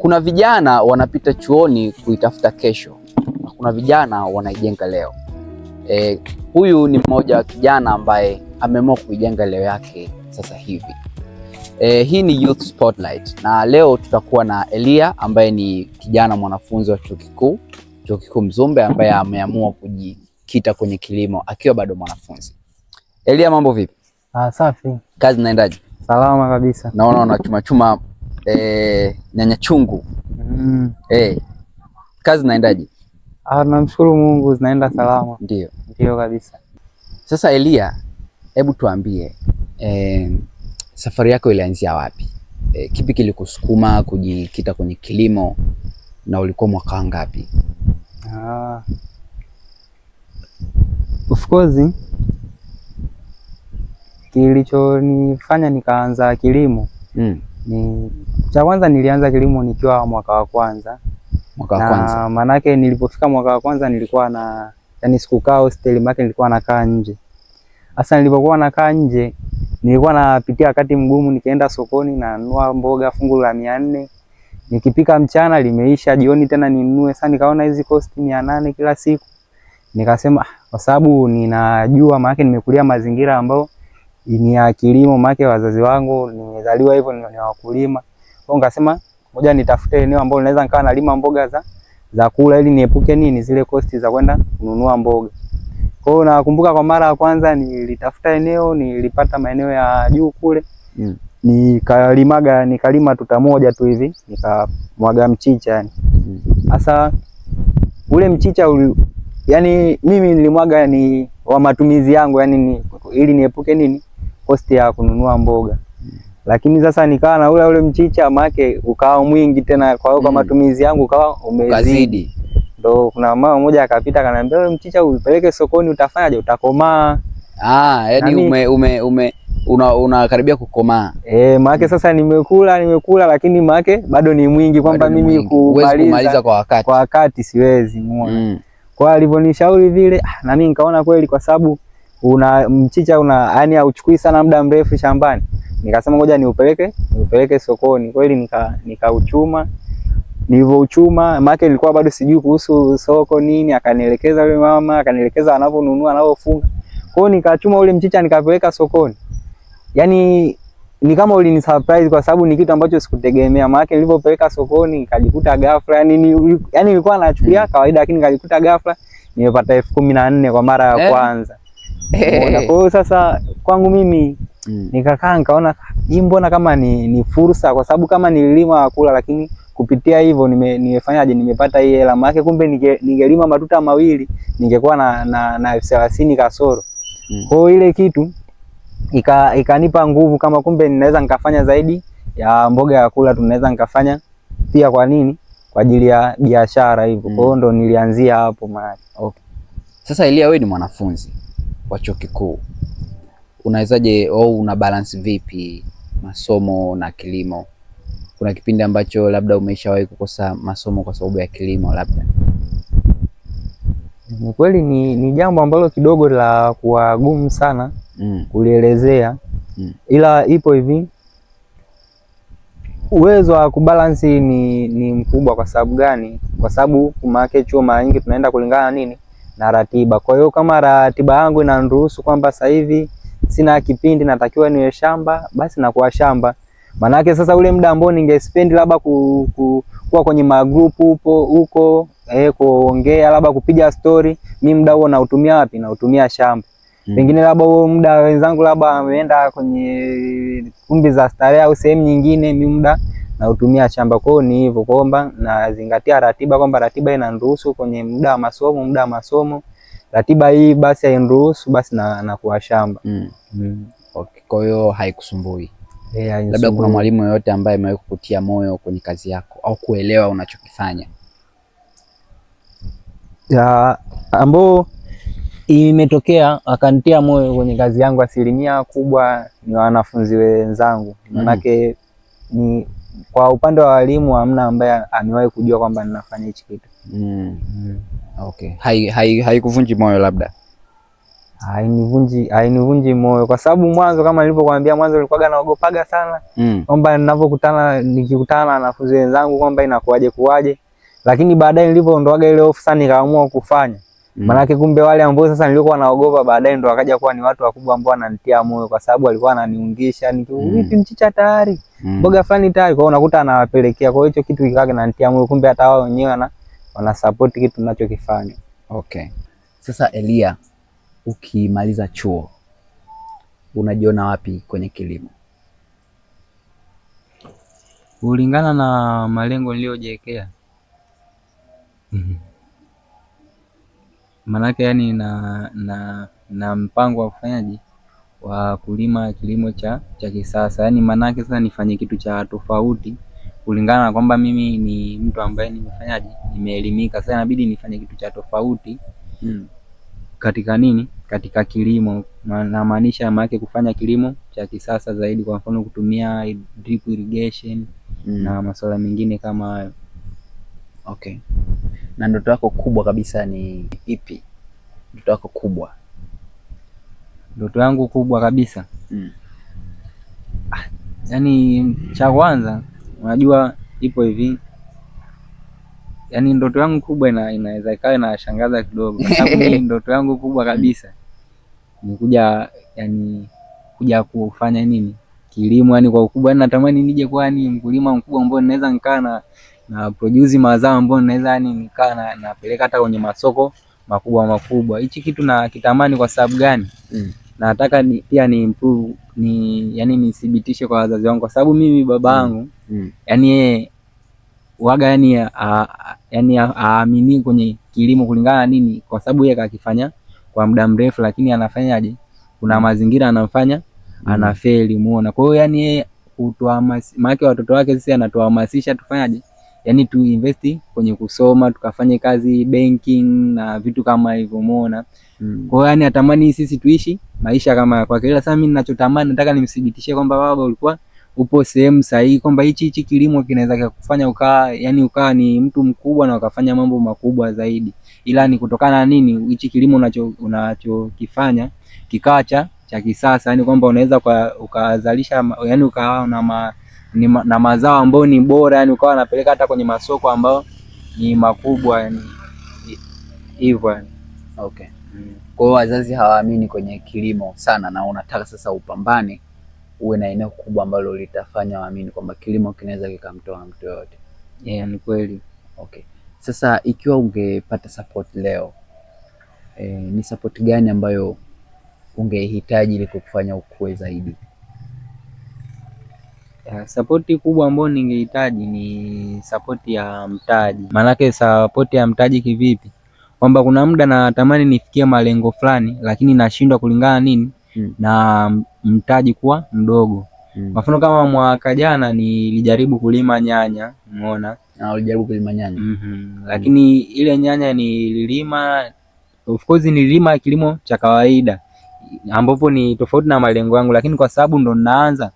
Kuna vijana wanapita chuoni kuitafuta kesho na kuna vijana wanaijenga leo. E, huyu ni mmoja wa kijana ambaye ameamua kuijenga leo yake sasa hivi. E, hii ni Youth Spotlight na leo tutakuwa na Elia ambaye ni kijana mwanafunzi wa chuo kikuu chuo kikuu Mzumbe ambaye ameamua kujikita kwenye kilimo akiwa bado mwanafunzi. Elia, mambo vipi? Ah, safi. Kazi inaendaje? Salama kabisa. Naona unachuma chuma e, nyanya chungu mm. e, kazi zinaendaje? Ah, namshukuru Mungu zinaenda salama. Ndio, ndio kabisa. Sasa Elia, hebu tuambie e, safari yako ilianzia wapi? E, kipi kilikusukuma kujikita kwenye kilimo na ulikuwa mwaka ngapi? Ah. Of course kilichonifanya nikaanza kilimo mm. Ni cha kwanza nilianza kilimo nikiwa mwaka wa kwanza. Mwaka wa kwanza. Maana yake nilipofika mwaka wa kwanza nilikuwa na yani sikukaa hostel, maana nilikuwa nakaa nje. Sasa nilipokuwa nakaa nje nilikuwa napitia wakati mgumu, nikaenda sokoni na mboga fungu la mia nne nikipika mchana limeisha, jioni tena ninunue. Sasa nikaona hizi cost mia nane kila siku, nikasema ah, kwa sababu ninajua, maana nimekulia mazingira ambao ni ya kilimo, maana wazazi wangu nimezaliwa hivyo, ni wakulima. Kwa ngasema moja, nitafute eneo ambalo naweza nikawa nalima mboga za za kula ili niepuke nini zile kosti za kwenda kununua mboga. Kwa hiyo nakumbuka kwa mara ya kwanza nilitafuta eneo, nilipata maeneo ya juu kule. Mm. Nikalimaga nikalima tuta moja tu hivi, nikamwaga mchicha yani. Mm. Sasa ule mchicha uli, yani mimi nilimwaga ni wa matumizi yangu yani ni, ili niepuke nini posti ya kununua mboga lakini sasa nikawa na ule ule mchicha make ukawa mwingi tena, kwa hiyo kwa mm. matumizi yangu ukawa umezidi. Ndo kuna mama mmoja akapita akaniambia, ule mchicha upeleke sokoni, utafanyaje? Utakomaa. Ah, yani yaani- ume, ume, ume una unakaribia kukomaa e, eh, make mm. sasa nimekula nimekula, lakini make bado ni mwingi, kwamba mimi kumaliza kwa wakati, kwa wakati siwezi muona mm. Kwa alivyonishauri vile, ah, na mimi nikaona kweli, kwa sababu una mchicha una yani hauchukui sana muda mrefu shambani. Nikasema ngoja niupeleke niupeleke sokoni. Kweli nika nikauchuma nilivyouchuma, maana nilikuwa bado sijui kuhusu soko nini, akanielekeza yule mama, akanielekeza anavyonunua anavyofunga. Kwa hiyo nikachuma ule mchicha nikapeleka sokoni. Yaani ni kama ulini surprise kwa sababu ni kitu ambacho sikutegemea. Maana nilipopeleka sokoni nikajikuta ghafla, yani ni, yani nilikuwa nachukulia mm. kawaida, lakini nikajikuta ghafla nimepata elfu kumi na nne kwa mara ya eh? kwanza eh. Kwa hiyo sasa kwangu mimi mm. nikakaa nikaona hii mbona kama ni, ni fursa kwa sababu kama nililima akula lakini kupitia hivyo nime, nimefanyaje nimepata hii hela maana kumbe ningelima matuta mawili ningekuwa na na, na elfu thelathini kasoro. Mm. Kwa ile kitu ika, ikanipa nguvu kama kumbe ninaweza nikafanya zaidi ya mboga ya kula tunaweza nikafanya pia kwa nini? Kwa ajili ya biashara hivyo. Mm. Kwa hiyo mm. ndo nilianzia hapo maana. Okay. Sasa Elia wewe ni mwanafunzi wa chuo kikuu, unawezaje au una balance vipi masomo na kilimo? Kuna kipindi ambacho labda umeshawahi kukosa masomo kwa sababu ya kilimo labda? Ni kweli, ni, ni jambo ambalo kidogo la kuwa gumu sana mm. kulielezea mm. ila ipo hivi, uwezo wa kubalansi ni, ni mkubwa. Kwa sababu gani? Kwa sababu kumaake chuo mara nyingi tunaenda kulingana nini na ratiba. Kwa hiyo kama ratiba yangu inaniruhusu kwamba sasa hivi sina kipindi natakiwa niwe shamba, basi nakuwa shamba. Manake sasa ule muda ambao ningespendi labda ku, ku, kuwa kwenye magrupu upo huko eh, kuongea labda kupiga story, mimi muda huo nautumia wapi? Nautumia shamba. Hmm. Pengine labda huo muda wenzangu labda ameenda kwenye kumbi za starehe au sehemu nyingine, mimi muda na utumia shamba. Kwa hiyo ni hivyo kwamba nazingatia ratiba, kwamba ratiba inaniruhusu kwenye muda wa masomo, muda wa masomo ratiba hii basi hainiruhusu, basi na nakuwa shamba. mm. mm. Okay. Kwa hiyo haikusumbui? Yeah, labda kuna mwalimu yoyote ambaye amewahi kukutia moyo kwenye kazi yako au kuelewa unachokifanya? Ya, ambao imetokea akanitia moyo kwenye kazi yangu, asilimia kubwa ni wanafunzi wenzangu, manake mm. ni kwa upande wa walimu hamna ambaye amewahi kujua kwamba ninafanya hichi kitu mm. Mm. Okay. Haikuvunji hai, moyo labda? Hainivunji, hainivunji moyo kwa sababu mwanzo kama nilivyokuambia mwanzo nilikuwaga naogopaga sana mm. kwamba nikikutana na wanafunzi wenzangu kwamba inakuaje kuwaje, lakini baadaye nilivyoondoaga ile hofu sana nikaamua kufanya Maanake mm. kumbe wale ambao sasa nilikuwa naogopa baadaye ndo wakaja kuwa ni watu wakubwa ambao wananitia moyo kwa sababu walikuwa wananiungisha nikivipi, mm. mchicha tayari mm. mboga fulani tayari, kwa hiyo unakuta anawapelekea. Kwa hiyo hicho kitu kikawa kinantia moyo, kumbe hata wao wenyewe wana wana support kitu ninachokifanya. Okay, sasa Elia, ukimaliza chuo unajiona wapi kwenye kilimo? Kulingana na malengo niliyojiwekea. mm -hmm. Maanake yaani na mpango wa ufanyaji wa kulima kilimo cha kisasa, yaani maanake sasa nifanye kitu cha tofauti kulingana na kwamba mimi ni mtu ambaye nimefanyaje nimeelimika. Sasa inabidi nifanye kitu cha tofauti hmm. katika nini, katika kilimo namaanisha, maanake kufanya kilimo cha kisasa zaidi, kwa mfano kutumia drip irrigation hmm. na masuala mengine kama hayo okay na ndoto yako kubwa kabisa ni ipi? Ndoto yako kubwa? Ndoto yangu kubwa kabisa mm. Ah, cha kwanza unajua ipo hivi yani ndoto yangu kubwa ina, inaweza ikawa inashangaza kidogo kwa sababu mimi ndoto yangu kubwa kabisa ni kuja yani kuja kufanya nini kilimo, yani kwa ukubwa, yani natamani nije kuwa ni mkulima mkubwa ambao ninaweza nikaa na na produce mazao ambayo naweza yani nikaa na napeleka hata kwenye masoko makubwa makubwa. Hichi kitu na kitamani kwa sababu gani? Mm. Nataka ni, pia ni improve ni yani nithibitishe kwa wazazi wangu kwa sababu mimi baba mm. yangu mm. mm. yani yeye waga yani yani yaani aamini kwenye kilimo kulingana nini? Kwa sababu yeye kakifanya kwa muda mrefu, lakini anafanyaje? Kuna mazingira anamfanya mm. anafeli muona. Kwa hiyo yani yeye kutuhamasisha, watoto wake sisi anatuhamasisha tufanyaje yani tu invest kwenye kusoma tukafanye kazi banking na vitu kama hivyo, umeona mm. Kwa hiyo yani atamani sisi tuishi maisha kama ya kwake, ila sasa mimi ninachotamani nataka nimthibitishie kwamba baba ulikuwa upo sehemu sahihi, kwamba hichi hichi kilimo kinaweza kukufanya ukaa yani ukaa ni mtu mkubwa na ukafanya mambo makubwa zaidi, ila ni kutokana na nini hichi kilimo unacho unachokifanya kikacha cha kisasa, yani kwamba unaweza ukazalisha yani ukawa na ma ni ma, na mazao ambayo ni bora, yani ukawa anapeleka hata kwenye masoko ambayo ni makubwa, yani hivyo yani. Okay. Mm. Kwa wazazi hawaamini kwenye kilimo sana, na unataka sasa upambane uwe na eneo kubwa ambalo litafanya waamini kwamba kilimo kinaweza kikamtoa mtu yoyote. Yeah, ni kweli. Okay. Sasa ikiwa ungepata support leo eh, ni support gani ambayo ungehitaji ili kukufanya ukue zaidi? Eh, sapoti kubwa ambayo ningehitaji ni sapoti ya mtaji. Maanake sapoti ya mtaji kivipi? Kwamba kuna muda natamani nifikie malengo fulani, lakini nashindwa kulingana nini hmm. na mtaji kuwa mdogo hmm. Kwa mfano kama mwaka jana nilijaribu kulima nyanya, umeona na ah, ulijaribu kulima nyanya mm -hmm. lakini ile nyanya nililima, of course nililima kilimo cha kawaida ambapo ni tofauti na malengo yangu, lakini kwa sababu ndo ninaanza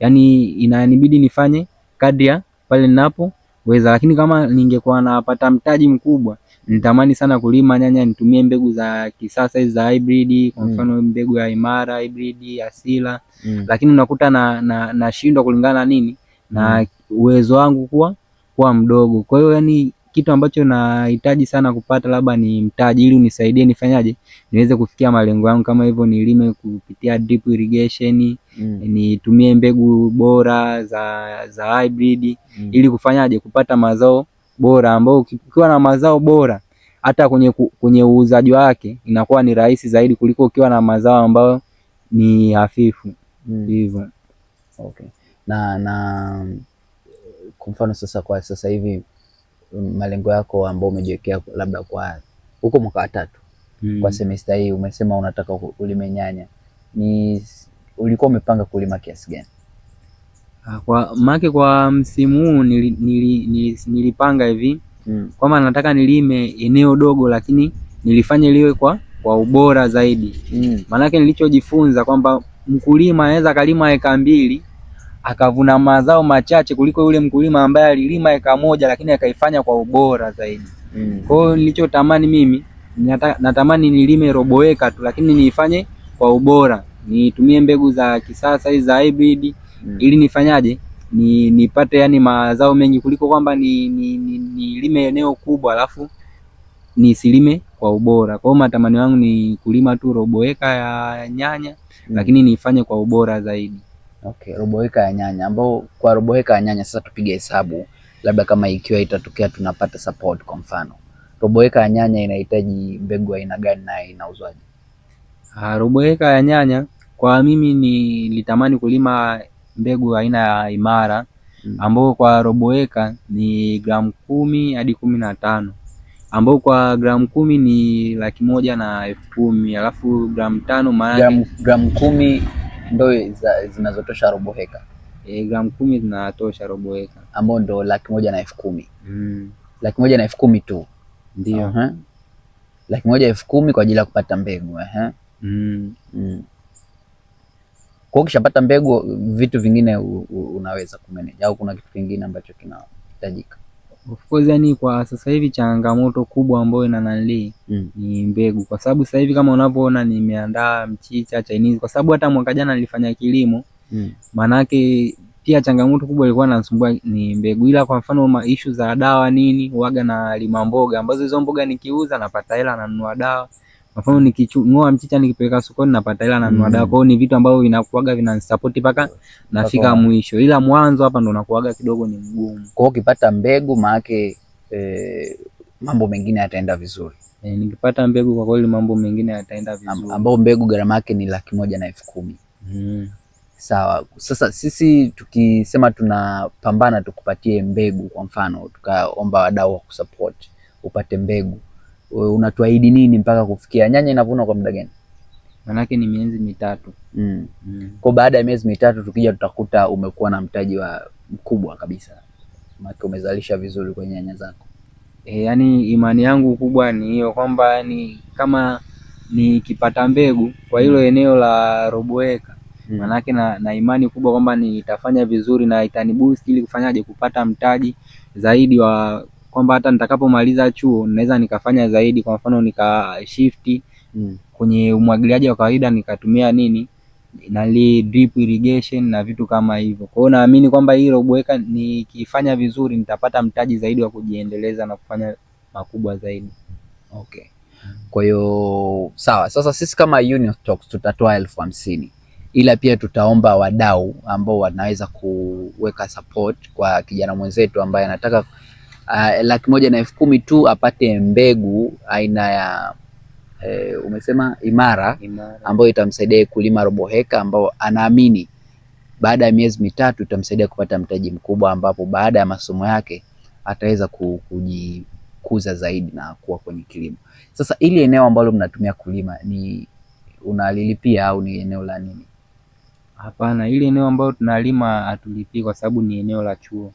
yani inanibidi nifanye kadri ya pale ninapoweza, lakini kama ningekuwa napata mtaji mkubwa nitamani sana kulima nyanya, nitumie mbegu za kisasa hizi za hybrid, kwa mm. mfano mm. mbegu ya Imara hybrid, Asila mm. lakini unakuta na nashindwa na kulingana nini na mm. uwezo wangu kuwa kuwa mdogo. Kwa hiyo yani kitu ambacho nahitaji sana kupata labda ni mtaji ili unisaidie nifanyaje niweze kufikia malengo yangu kama hivyo nilime kupitia drip irrigation mm. nitumie mbegu bora za za hybrid mm. ili kufanyaje kupata mazao bora ambao ukiwa na mazao bora hata kwenye kwenye uuzaji wake inakuwa ni rahisi zaidi kuliko ukiwa na mazao ambayo ni hafifu mm. hivyo. Mm. Okay. Na na kwa mfano sasa, kwa sasa hivi malengo yako ambayo umejiwekea labda kwa huko mwaka wa tatu mm. kwa semesta hii umesema unataka ulime nyanya, ni ulikuwa umepanga kulima kiasi gani? Ah, kwa make kwa msimu huu nili, nili, nili, nilipanga hivi mm. kwamba nataka nilime eneo dogo, lakini nilifanya liwe kwa kwa ubora zaidi mm. maanake nilichojifunza kwamba mkulima anaweza akalima eka mbili akavuna mazao machache kuliko yule mkulima ambaye alilima eka moja lakini akaifanya kwa ubora zaidi. Mm. Kwa hiyo nilichotamani mimi nata, natamani nilime robo eka tu lakini niifanye kwa ubora. Nitumie mbegu za kisasa hizi za hybrid mm. ili nifanyaje? Ni nipate yani mazao mengi kuliko kwamba ni, ni, ni, nilime eneo kubwa alafu nisilime kwa ubora. Kwa hiyo matamanio yangu ni kulima tu robo eka ya nyanya mm. lakini niifanye kwa ubora zaidi. Okay, robo heka ya nyanya ambao kwa robo heka ya nyanya sasa tupige hesabu labda kama ikiwa itatokea tunapata support kwa mfano. Robo heka ya nyanya inahitaji mbegu aina gani na inauzwaje? Ah, robo heka ya nyanya kwa mimi nilitamani kulima mbegu aina ya Imara mm. ambao kwa robo heka ni gramu kumi hadi kumi na tano ambao kwa gramu kumi ni laki moja na elfu kumi alafu gramu tano maana gramu kumi ndo eh. zinazotosha robo heka e, eh, gramu kumi zinatosha robo heka ambao ndo laki moja na elfu kumi mm. laki moja na elfu kumi tu ndio uh -huh. laki moja elfu kumi kwa ajili ya kupata mbegu uh -huh. mm. mm. Kwa ukishapata mbegu vitu vingine u, u, unaweza kumeneja au kuna kitu kingine ambacho kinahitajika? Of course yani kwa sasa hivi changamoto kubwa ambayo ina ni mm. ni mbegu, kwa sababu sasa hivi kama unavyoona nimeandaa mchicha Chinese, kwa sababu hata mwaka jana nilifanya kilimo mm. maanake pia changamoto kubwa ilikuwa nasumbua ni mbegu, ila kwa mfano ishu za dawa nini, waga na lima mboga ambazo hizo mboga nikiuza napata hela nanunua dawa mfano nikichungua mchicha nikipeleka sokoni napata hela na nunua dawa. Mm. Kwa hiyo ni vitu ambavyo vinakuaga vinanisupport mpaka nafika mwisho, ila mwanzo hapa ndo nakuaga kidogo ni mgumu. Kwa hiyo ukipata mbegu maake eh, mambo mengine yataenda vizuri. E, nikipata mbegu kwa kweli mambo mengine yataenda vizuri. Ambao mbegu gharama yake ni laki moja na elfu kumi. Mm. Sawa. Sasa sisi tukisema tunapambana tukupatie mbegu, kwa mfano tukaomba wadau wa kusupport upate mbegu unatuahidi nini mpaka kufikia? Nyanya inavunwa kwa muda gani? Manake ni miezi mitatu. Mm. Mm. Kwa baada ya miezi mitatu tukija tutakuta umekuwa na mtaji wa mkubwa kabisa, manake umezalisha vizuri kwenye nyanya zako. E, yani imani yangu kubwa ni hiyo kwamba yani kama nikipata mbegu kwa hilo mm. eneo la robo eka mm. manake na, na imani kubwa kwamba nitafanya vizuri na itanibusti ili kufanyaje kupata mtaji zaidi wa kwamba hata nitakapomaliza chuo naweza nikafanya zaidi, kwa mfano nikashifti mm. kwenye umwagiliaji wa kawaida nikatumia nini nali drip irrigation na vitu kama hivyo. Kwa hiyo naamini kwamba hii roboweka nikifanya vizuri nitapata mtaji zaidi wa kujiendeleza na kufanya makubwa zaidi. Okay. Kwa hiyo sawa, sasa sisi kama Union Stocks tutatoa elfu hamsini ila pia tutaomba wadau ambao wanaweza kuweka support kwa kijana mwenzetu ambaye anataka uh, laki moja na elfu kumi tu apate mbegu aina ya e, umesema imara, imara, ambayo itamsaidia kulima robo heka, ambao anaamini baada ya miezi mitatu itamsaidia kupata mtaji mkubwa, ambapo baada ya masomo yake ataweza kujikuza zaidi na kuwa kwenye kilimo. Sasa ili eneo ambalo mnatumia kulima ni unalilipia au ni eneo la nini? Hapana, ili eneo ambalo tunalima hatulipii kwa sababu ni eneo la chuo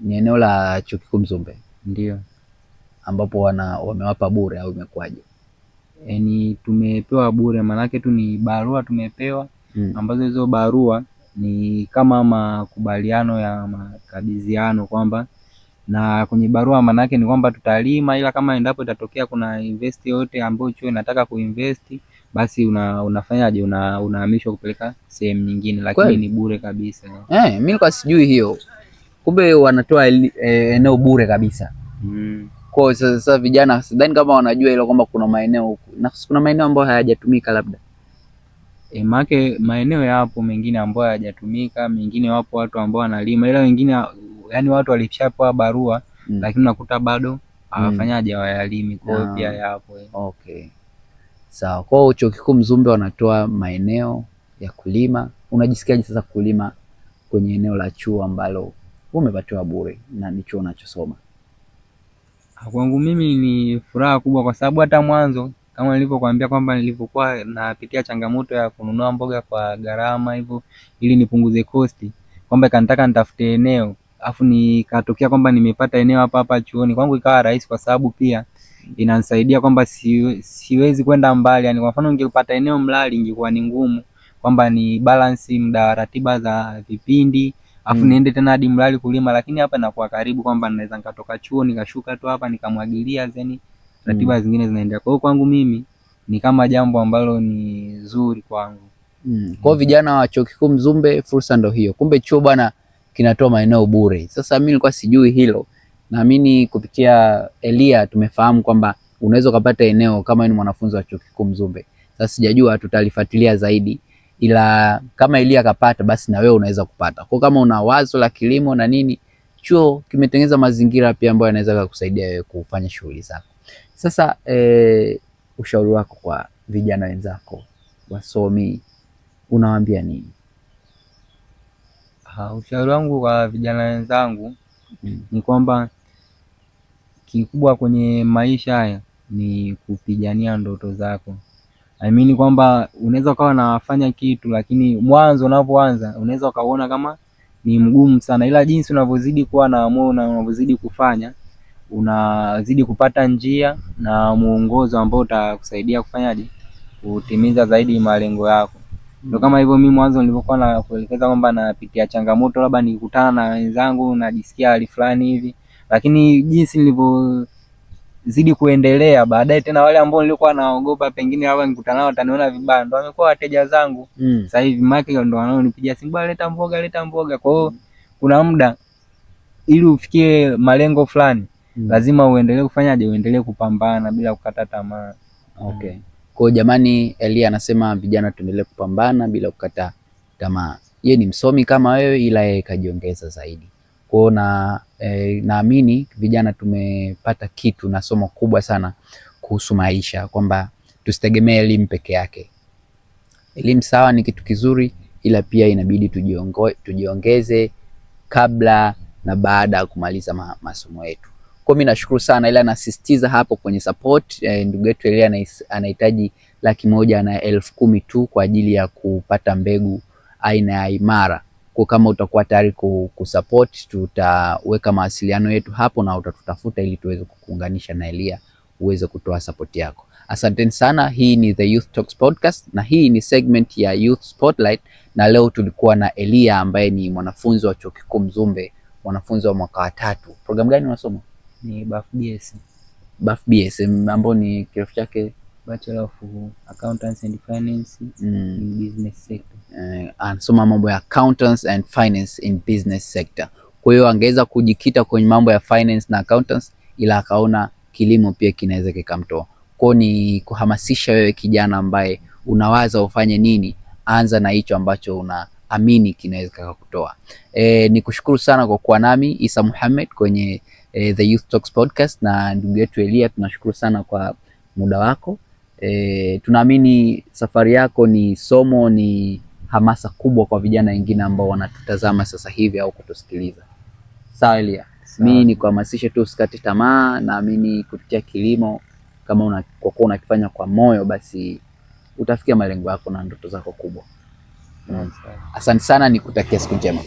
ni eneo la chuo kikuu Mzumbe ndio ambapo wana wamewapa bure au imekuwaje? Yaani tumepewa bure, maanake tu ni barua tumepewa mm. ambazo hizo barua ni kama makubaliano ya makabidhiano kwamba na kwenye barua maanake ni kwamba tutalima, ila kama endapo itatokea kuna investi yote ambayo chuo inataka kuinvest basi una, unafanyaje unahamishwa una kupeleka sehemu nyingine, lakini ni bure kabisa. Eh, mimi nilikuwa sijui hiyo kumbe wanatoa e, eneo bure kabisa mm. Kwa sasa vijana sidhani kama wanajua hilo kwamba kuna maeneo huku na kuna maeneo ambayo hayajatumika labda e, make maeneo yapo mengine ambayo hayajatumika, mengine wapo watu ambao wanalima, ila wengine yani watu walishapewa barua mm. lakini unakuta bado hawafanyaje mm. wayalimi kwa hiyo pia ah. yapo eh. Okay, sawa. Kwao chuo kikuu Mzumbe wanatoa maeneo ya kulima. Unajisikiaje sasa kulima kwenye eneo la chuo ambalo umepatiwa bure na ni chuo unachosoma. Ah, kwangu mimi ni furaha kubwa, kwa sababu hata mwanzo kama nilivyokuambia kwamba nilivyokuwa napitia changamoto ya kununua mboga kwa gharama hivyo, ili nipunguze kosti, kwamba ikanitaka nitafute eneo afu nikatokea kwamba nimepata eneo hapa hapa chuoni kwangu, ikawa rahisi, kwa sababu pia inanisaidia kwamba si, siwezi kwenda mbali. Yani kwa mfano ningepata eneo Mlali ingekuwa ni ngumu, kwamba ni balance muda wa ratiba za vipindi afu mm. niende tena hadi mradi kulima, lakini hapa nakuwa karibu kwamba naweza nikatoka chuo nikashuka tu hapa nikamwagilia, zeni ratiba mm. zingine zinaendelea. Kwa hiyo kwangu mimi ni kama jambo ambalo ni zuri kwangu mm. Kwa vijana wa chuo kikuu Mzumbe, fursa ndo hiyo. Kumbe chuo bwana kinatoa maeneo bure. Sasa mimi nilikuwa sijui hilo, naamini kupitia Elia tumefahamu kwamba unaweza ukapata eneo kama ni mwanafunzi wa chuo kikuu Mzumbe. Sasa sijajua, tutalifuatilia zaidi ila kama ili akapata, basi na wewe unaweza kupata. Kwa kama una wazo la kilimo na nini, chuo kimetengeneza mazingira pia ambayo yanaweza kukusaidia wewe kufanya shughuli zako. Sasa e, ushauri wako kwa vijana wenzako wasomi unawaambia nini? Ha, ah, ushauri wangu kwa vijana wenzangu mm, ni kwamba kikubwa kwenye maisha haya ni kupigania ndoto zako. I mean kwamba unaweza ukawa nafanya kitu lakini mwanzo unapoanza unaweza ukauona kama ni mgumu sana, ila jinsi unavyozidi kuwa na moyo na unavyozidi kufanya unazidi kupata njia na muongozo ambao utakusaidia kufanyaje, kutimiza zaidi malengo yako. Ndio kama hivyo, mimi mwanzo nilipokuwa na kuelekeza kwamba napitia changamoto, labda nikutana na wenzangu najisikia hali fulani hivi, lakini jinsi nilivyo zidi kuendelea baadaye. Tena wale ambao nilikuwa naogopa pengine labda nikutana nao wataniona vibaya, ndo wamekuwa wateja zangu mm. Sasa hivi maki ndo wanaonipigia simu, bwana, leta mboga, leta mboga. Kwa hiyo kuna muda ili ufikie malengo fulani mm. lazima uendelee kufanyaje, uendelee kupambana bila kukata tamaa. Okay. Mm. Kwa jamani, Elia anasema vijana tuendelee kupambana bila kukata tamaa. Yeye ni msomi kama wewe, ila yeye kajiongeza zaidi kwao na eh, naamini vijana tumepata kitu na somo kubwa sana kuhusu maisha kwamba tusitegemee elimu peke yake. Elimu sawa ni kitu kizuri, ila pia inabidi tujiongeze kabla na baada ya kumaliza ma, masomo yetu. Kwa mimi nashukuru sana, ila nasisitiza hapo kwenye support eh, ndugu yetu Elia anahitaji laki moja na elfu kumi tu kwa ajili ya kupata mbegu aina ya Imara. Kwa kama utakuwa tayari kusupport, tutaweka mawasiliano yetu hapo na utatutafuta ili tuweze kukuunganisha na Elia uweze kutoa support yako. Asanteni sana. Hii ni The Youth Talks Podcast na hii ni segment ya Youth Spotlight, na leo tulikuwa na Elia ambaye ni mwanafunzi wa Chuo Kikuu Mzumbe, mwanafunzi wa mwaka wa tatu. Program gani unasoma? Ni BAFBS. BAFBS ambao ni kirefu chake Bachelor of Accountancy and Finance mm. in Business Sector uh, anasoma mambo ya accountants and finance in business sector. Kwa hiyo angeweza kujikita kwenye mambo ya finance na accountants, ila akaona kilimo pia kinaweza kikamtoa. Kwa ni kuhamasisha wewe kijana ambaye unawaza ufanye nini, anza na hicho ambacho unaamini kinaweza kukutoa. E, eh, ni kushukuru sana kwa kuwa nami Isa Muhammad kwenye e, The Youth Talks Podcast na ndugu yetu Elia, tunashukuru sana kwa muda wako. E, tunaamini safari yako ni somo, ni hamasa kubwa kwa vijana wengine ambao wanatutazama sasa hivi au kutusikiliza. Sawa Elia, mimi ni kuhamasisha tu usikate tamaa. Naamini kupitia kilimo, kama kwa kuwa unakifanya kwa moyo, basi utafikia malengo yako na ndoto zako kubwa. Asante sana, nikutakia siku njema.